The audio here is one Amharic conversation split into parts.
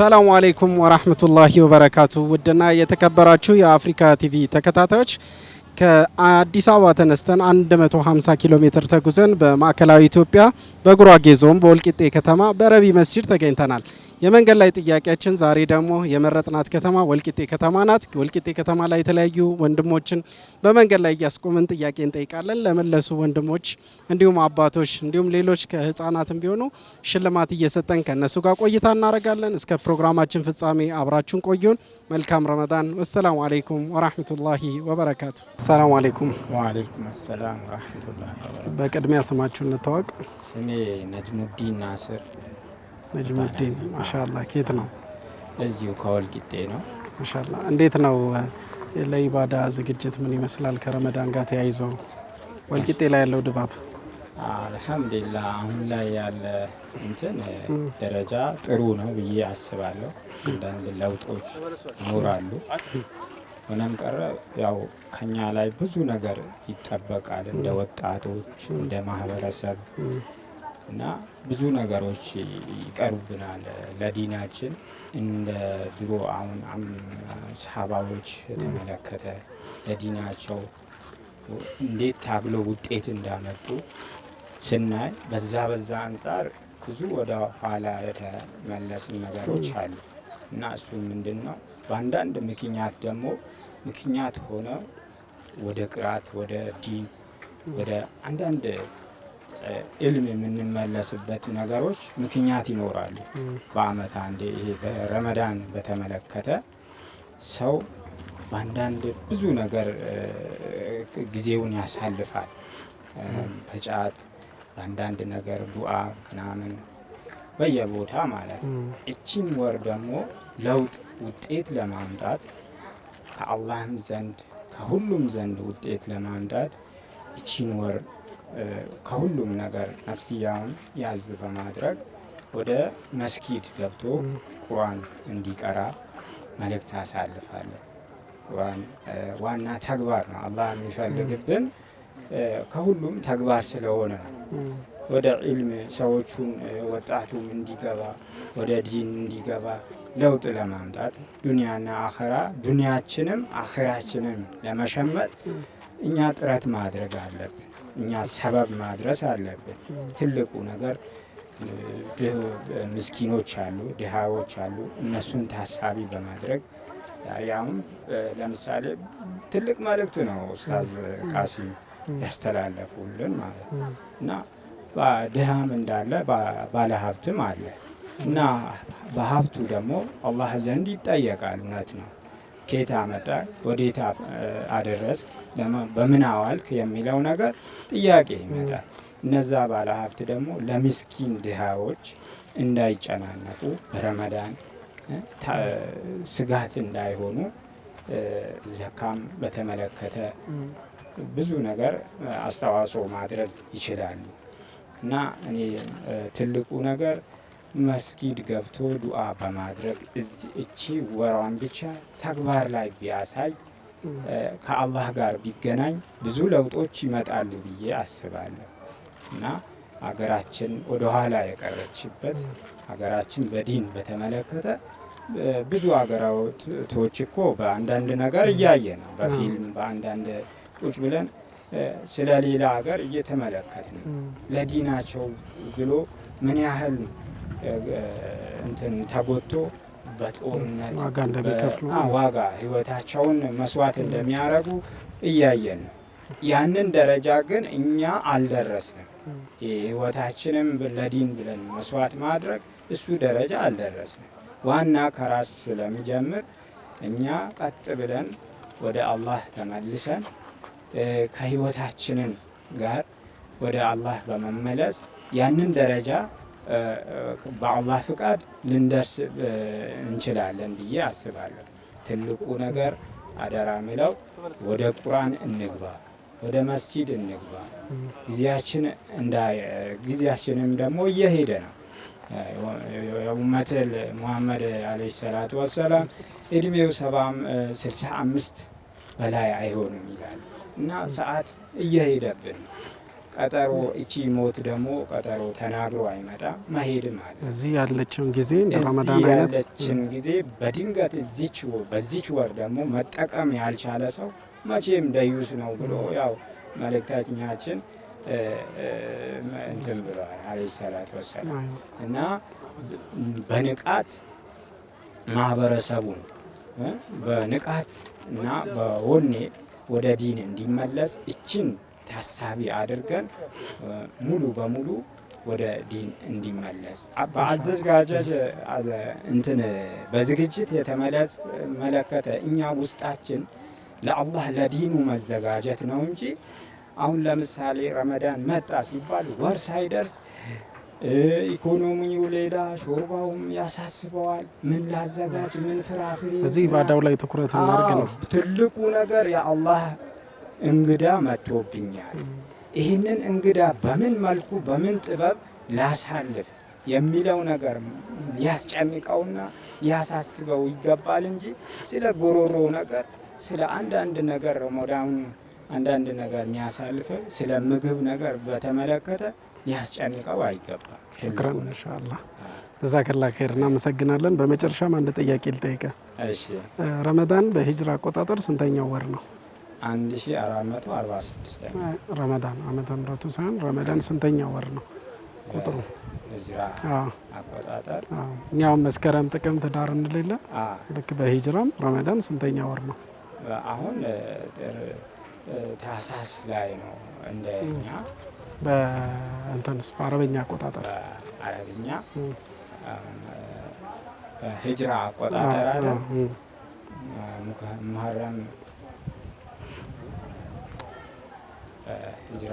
ሰላሙ አሌይኩም ወራህመቱላሂ ወበረካቱ። ውድና የተከበራችሁ የአፍሪካ ቲቪ ተከታታዮች ከአዲስ አበባ ተነስተን 150 ኪሎ ሜትር ተጉዘን በማዕከላዊ ኢትዮጵያ በጉራጌ ዞን በወልቂጤ ከተማ በረቢ መስጂድ ተገኝተናል። የመንገድ ላይ ጥያቄያችን ዛሬ ደግሞ የመረጥናት ከተማ ወልቂጤ ከተማ ናት። ወልቂጤ ከተማ ላይ የተለያዩ ወንድሞችን በመንገድ ላይ እያስቆምን ጥያቄ እንጠይቃለን። ለመለሱ ወንድሞች እንዲሁም አባቶች እንዲሁም ሌሎች ከህፃናትም ቢሆኑ ሽልማት እየሰጠን ከእነሱ ጋር ቆይታ እናደርጋለን። እስከ ፕሮግራማችን ፍጻሜ አብራችሁን ቆዩን። መልካም ረመዳን። ወሰላሙ አለይኩም ወራህመቱላሂ ወበረካቱ። ሰላሙ አሌይኩም። ወአለይኩም ሰላም ወራህመቱላሂ። በቅድሚያ ስማችሁ እንታወቅ። ስሜ ነጅሙዲን ናስር ነጅሙዲን ማሻላ። ኬት ነው? እዚሁ ከወልቂጤ ነው። ማሻላ። እንዴት ነው ለኢባዳ ዝግጅት ምን ይመስላል? ከረመዳን ጋር ተያይዞ ወልቂጤ ላይ ያለው ድባብ? አልሐምዱሊላህ አሁን ላይ ያለ እንትን ደረጃ ጥሩ ነው ብዬ አስባለሁ። አንዳንድ ለውጦች ይኖራሉ። ሆነም ቀረ ያው ከኛ ላይ ብዙ ነገር ይጠበቃል እንደ ወጣቶች እንደ ማህበረሰብ እና ብዙ ነገሮች ይቀርቡብናል ለዲናችን እንደ ድሮ አሁን ሰሃባዎች የተመለከተ ለዲናቸው እንዴት ታግሎ ውጤት እንዳመጡ ስናይ በዛ በዛ አንጻር ብዙ ወደ ኋላ የተመለስን ነገሮች አሉ እና እሱ ምንድን ነው በአንዳንድ ምክንያት ደግሞ ምክንያት ሆነ ወደ ቅራት ወደ ዲን ወደ አንዳንድ ኢልም የምንመለስበት ነገሮች ምክንያት ይኖራሉ። በአመት አንዴ ይሄ በረመዳን በተመለከተ ሰው በአንዳንድ ብዙ ነገር ጊዜውን ያሳልፋል። በጫት በአንዳንድ ነገር ዱዓ ምናምን በየቦታ ማለት ነው። እቺን ወር ደግሞ ለውጥ ውጤት ለማምጣት ከአላህም ዘንድ ከሁሉም ዘንድ ውጤት ለማምጣት እቺን ወር ከሁሉም ነገር ነፍስያውን ያዝ በማድረግ ወደ መስጊድ ገብቶ ቁርአን እንዲቀራ መልእክት አሳልፋለሁ። ቁርአን ዋና ተግባር ነው። አላህ የሚፈልግብን ከሁሉም ተግባር ስለሆነ ነው። ወደ ዒልም ሰዎቹን ወጣቱም እንዲገባ ወደ ዲን እንዲገባ ለውጥ ለማምጣት ዱንያና አኸራ ዱንያችንም አኸራችንም ለመሸመጥ እኛ ጥረት ማድረግ አለብን። እኛ ሰበብ ማድረስ አለብን። ትልቁ ነገር ምስኪኖች አሉ፣ ድሃዎች አሉ። እነሱን ታሳቢ በማድረግ ያም ለምሳሌ ትልቅ መልእክት ነው ኡስታዝ ቃሲም ያስተላለፉልን ማለት ነው እና ድሃም እንዳለ ባለሀብትም አለ እና በሀብቱ ደግሞ አላህ ዘንድ ይጠየቃል። እውነት ነው። ከየት አመጣ፣ ወዴት አደረስ፣ በምን አዋልክ የሚለው ነገር ጥያቄ ይመጣል። እነዛ ባለሀብት ደግሞ ለምስኪን ድሃዎች እንዳይጨናነቁ በረመዳን ስጋት እንዳይሆኑ ዘካም በተመለከተ ብዙ ነገር አስተዋጽኦ ማድረግ ይችላሉ እና እኔ ትልቁ ነገር መስጊድ ገብቶ ዱዓ በማድረግ እቺ ወሯን ብቻ ተግባር ላይ ቢያሳይ ከአላህ ጋር ቢገናኝ ብዙ ለውጦች ይመጣሉ ብዬ አስባለሁ እና ሀገራችን ወደኋላ የቀረችበት ሀገራችን በዲን በተመለከተ ብዙ አገራቶች እኮ በአንዳንድ ነገር እያየ ነው። በፊልም በአንዳንድ ቁጭ ብለን ስለ ሌላ ሀገር እየተመለከት ነው። ለዲናቸው ብሎ ምን ያህል እንትን ተጎቶ በጦርነት ዋጋ ህይወታቸውን መስዋዕት እንደሚያደርጉ እያየን ነው። ያንን ደረጃ ግን እኛ አልደረስንም። ህይወታችንም ለዲን ብለን መስዋዕት ማድረግ እሱ ደረጃ አልደረስንም። ዋና ከራስ ስለሚጀምር እኛ ቀጥ ብለን ወደ አላህ ተመልሰን ከህይወታችንን ጋር ወደ አላህ በመመለስ ያንን ደረጃ በአላህ ፍቃድ ልንደርስ እንችላለን ብዬ አስባለሁ። ትልቁ ነገር አደራ ምለው ወደ ቁርአን እንግባ፣ ወደ መስጂድ እንግባ። ጊዜያችን እንዳ ጊዜያችንም ደግሞ እየሄደ ነው። የኡመትል ሙሐመድ አለይሂ ሰላቱ ወሰላም እድሜው ሰባም ስልሳ አምስት በላይ አይሆንም ይላል እና ሰዓት እየሄደብን ቀጠሮ እቺ ሞት ደግሞ ቀጠሮ ተናግሮ አይመጣ መሄድም አለ። እዚህ ያለችን ጊዜ እንደ ረመዳን ያለችን ጊዜ በድንገት እዚች በዚች ወር ደግሞ መጠቀም ያልቻለ ሰው መቼም ደዩስ ነው ብሎ ያው መልእክተኛችን እንትን ብለዋል አለይሂ ሰላቱ ወሰላም እና በንቃት ማህበረሰቡን በንቃት እና በወኔ ወደ ዲን እንዲመለስ እችን ታሳቢ አድርገን ሙሉ በሙሉ ወደ ዲን እንዲመለስ በአዘጋጃጅ እንትን በዝግጅት የተመለከተ እኛ ውስጣችን ለአላህ ለዲኑ መዘጋጀት ነው እንጂ አሁን ለምሳሌ ረመዳን መጣ ሲባል ወር ሳይደርስ ኢኮኖሚው ሌላ ሾርባውም ያሳስበዋል። ምን ላዘጋጅ፣ ምን ፍራፍሬ። እዚህ ባዳው ላይ ትኩረት ነው ትልቁ ነገር የአላህ እንግዳ መጥቶብኛል። ይህንን እንግዳ በምን መልኩ በምን ጥበብ ላሳልፍ የሚለው ነገር ያስጨንቀውና ያሳስበው ይገባል እንጂ ስለ ጎሮሮ ነገር ስለ አንዳንድ ነገር ረመዳኑ አንዳንድ ነገር የሚያሳልፍ ስለ ምግብ ነገር በተመለከተ ሊያስጨንቀው አይገባም። ሽክረን እንሻላ እዛ ከላ ኸይር እናመሰግናለን። በመጨረሻም አንድ ጥያቄ ልጠይቀ። ረመዳን በሂጅራ አቆጣጠር ስንተኛው ወር ነው? 1446 ረመዳን አመተ ምሕረቱ ሳይሆን ረመዳን ስንተኛ ወር ነው ቁጥሩ? አቆጣጠር እኛውም መስከረም፣ ጥቅምት፣ ዳር እንሌለ ልክ በሂጅራም ረመዳን ስንተኛ ወር ነው? አሁን ታህሳስ ላይ ነው እንደኛ በእንትንስ በአረበኛ አቆጣጠር አረብኛ ሂጅራ አቆጣጠር አለ ሙሀረም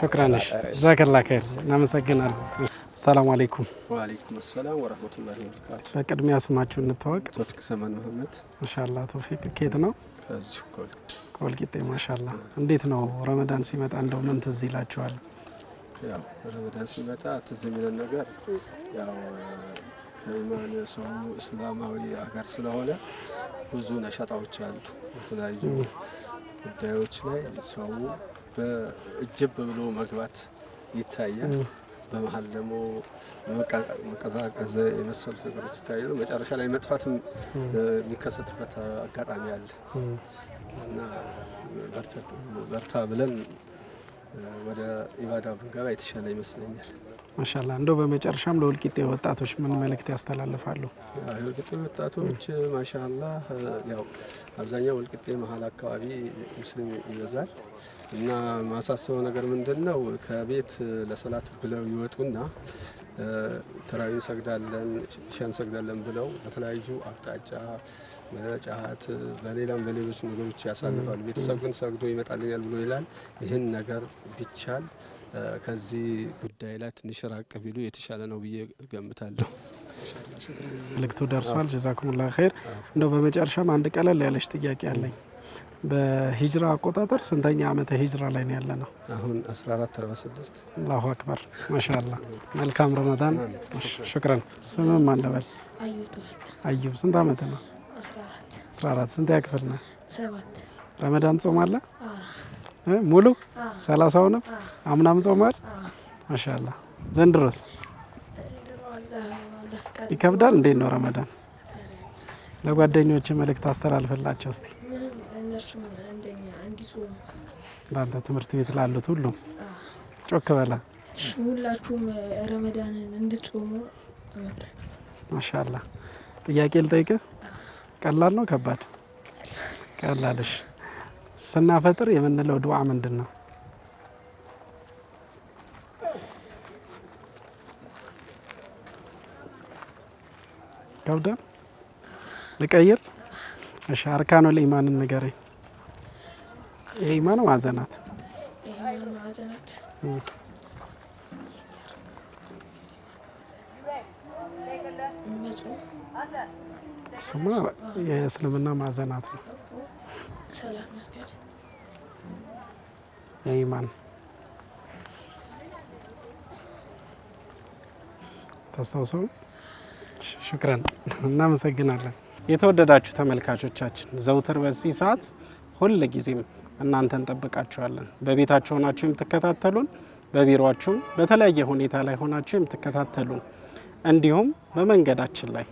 ሹክራንሽ ዛከላ ከይር እናመሰግናለን። ሰላም አሌይኩም። ዋሌይኩም ሰላም ወረህመቱላሂ ወበረካቱ። በቅድሚያ ስማችሁ እንታወቅ። ቶፊቅ ሰመን መሀመድ። ማሻላ ቶፊቅ፣ ኬት ነው ከወልቂጤ። ማሻላ እንዴት ነው ረመዳን ሲመጣ እንደው ምን ትዝ ይላችኋል? ያው ረመዳን ሲመጣ ትዝ የሚለን ነገር ያው ከኢማን ሰው እስላማዊ ሀገር ስለሆነ ብዙ ነሻጣዎች አሉ። በተለያዩ ጉዳዮች ላይ ሰው በእጅብ ብሎ መግባት ይታያል። በመሀል ደግሞ መቀዛቀዝ የመሰሉት ነገሮች ይታያሉ። መጨረሻ ላይ መጥፋትም የሚከሰትበት አጋጣሚ አለ እና በርታ ብለን ወደ ኢባዳ ብንገባ የተሻለ ይመስለኛል። ማሻላ እንደው በመጨረሻም ለወልቂጤ ወጣቶች ምን መልእክት ያስተላልፋሉ? የወልቂጤ ወጣቶች ማሻላ ያው አብዛኛው ወልቂጤ መሀል አካባቢ ሙስሊም ይበዛል እና ማሳስበው ነገር ምንድን ነው ከቤት ለሰላት ብለው ይወጡና ተራዊ እንሰግዳለን፣ ሻ እንሰግዳለን ብለው በተለያዩ አቅጣጫ መጫት በሌላም በሌሎች ነገሮች ያሳልፋሉ። ቤተሰብ ግን ሰግዶ ይመጣልኛል ብሎ ይላል። ይህን ነገር ቢቻል ከዚህ ጉዳይ ላይ ትንሽ ራቅ ቢሉ የተሻለ ነው ብዬ ገምታለሁ። መልእክቱ ደርሷል። ጀዛኩሙላ ኸይር። እንደው በመጨረሻም አንድ ቀለል ያለች ጥያቄ አለኝ። በሂጅራ አቆጣጠር ስንተኛ ዓመተ ሂጅራ ላይ ነው ያለ ነው? አሁን 1446 አላሁ አክበር ማሻላ። መልካም ረመዳን ሽክረን። ስምም አለበል አዩብ። ስንት ዓመት ነው? 14 ስንት ያክፍል ነው? ረመዳን ጾም አለ ሙሉ ሰላሳውንም አምናም ጾማል። ማሻላ ዘንድሮስ ይከብዳል። እንዴት ነው ረመዳን? ለጓደኞች መልእክት አስተላልፍላቸው እስቲ እነሱም እንደኛ እንዲጾሙ እንዳንተ ትምህርት ቤት ላሉት ሁሉ ጮክ በላ ሁላችሁም ረመዳንን እንድትጾሙ እመክራችኋለሁ። ማሻላ ጥያቄ ልጠይቅ፣ ቀላል ነው ከባድ? ቀላልሽ ስናፈጥር የምንለው ድዋ ምንድን ነው? ከብዳል ልቀይር? እሺ አርካኑል ኢማንን ንገረኝ። ይሄ ነው ማዕዘናት። ስማ የእስልምና ማዕዘናት ነው። የኢማን ታስታውሰው። ሽክረን እናመሰግናለን። የተወደዳችሁ ተመልካቾቻችን ዘውትር በዚህ ሰዓት ሁልጊዜም እናንተን ጠብቃችኋለን። በቤታችሁ ሆናችሁ የምትከታተሉን፣ በቢሮችሁም በተለያየ ሁኔታ ላይ ሆናችሁ የምትከታተሉን፣ እንዲሁም በመንገዳችን ላይ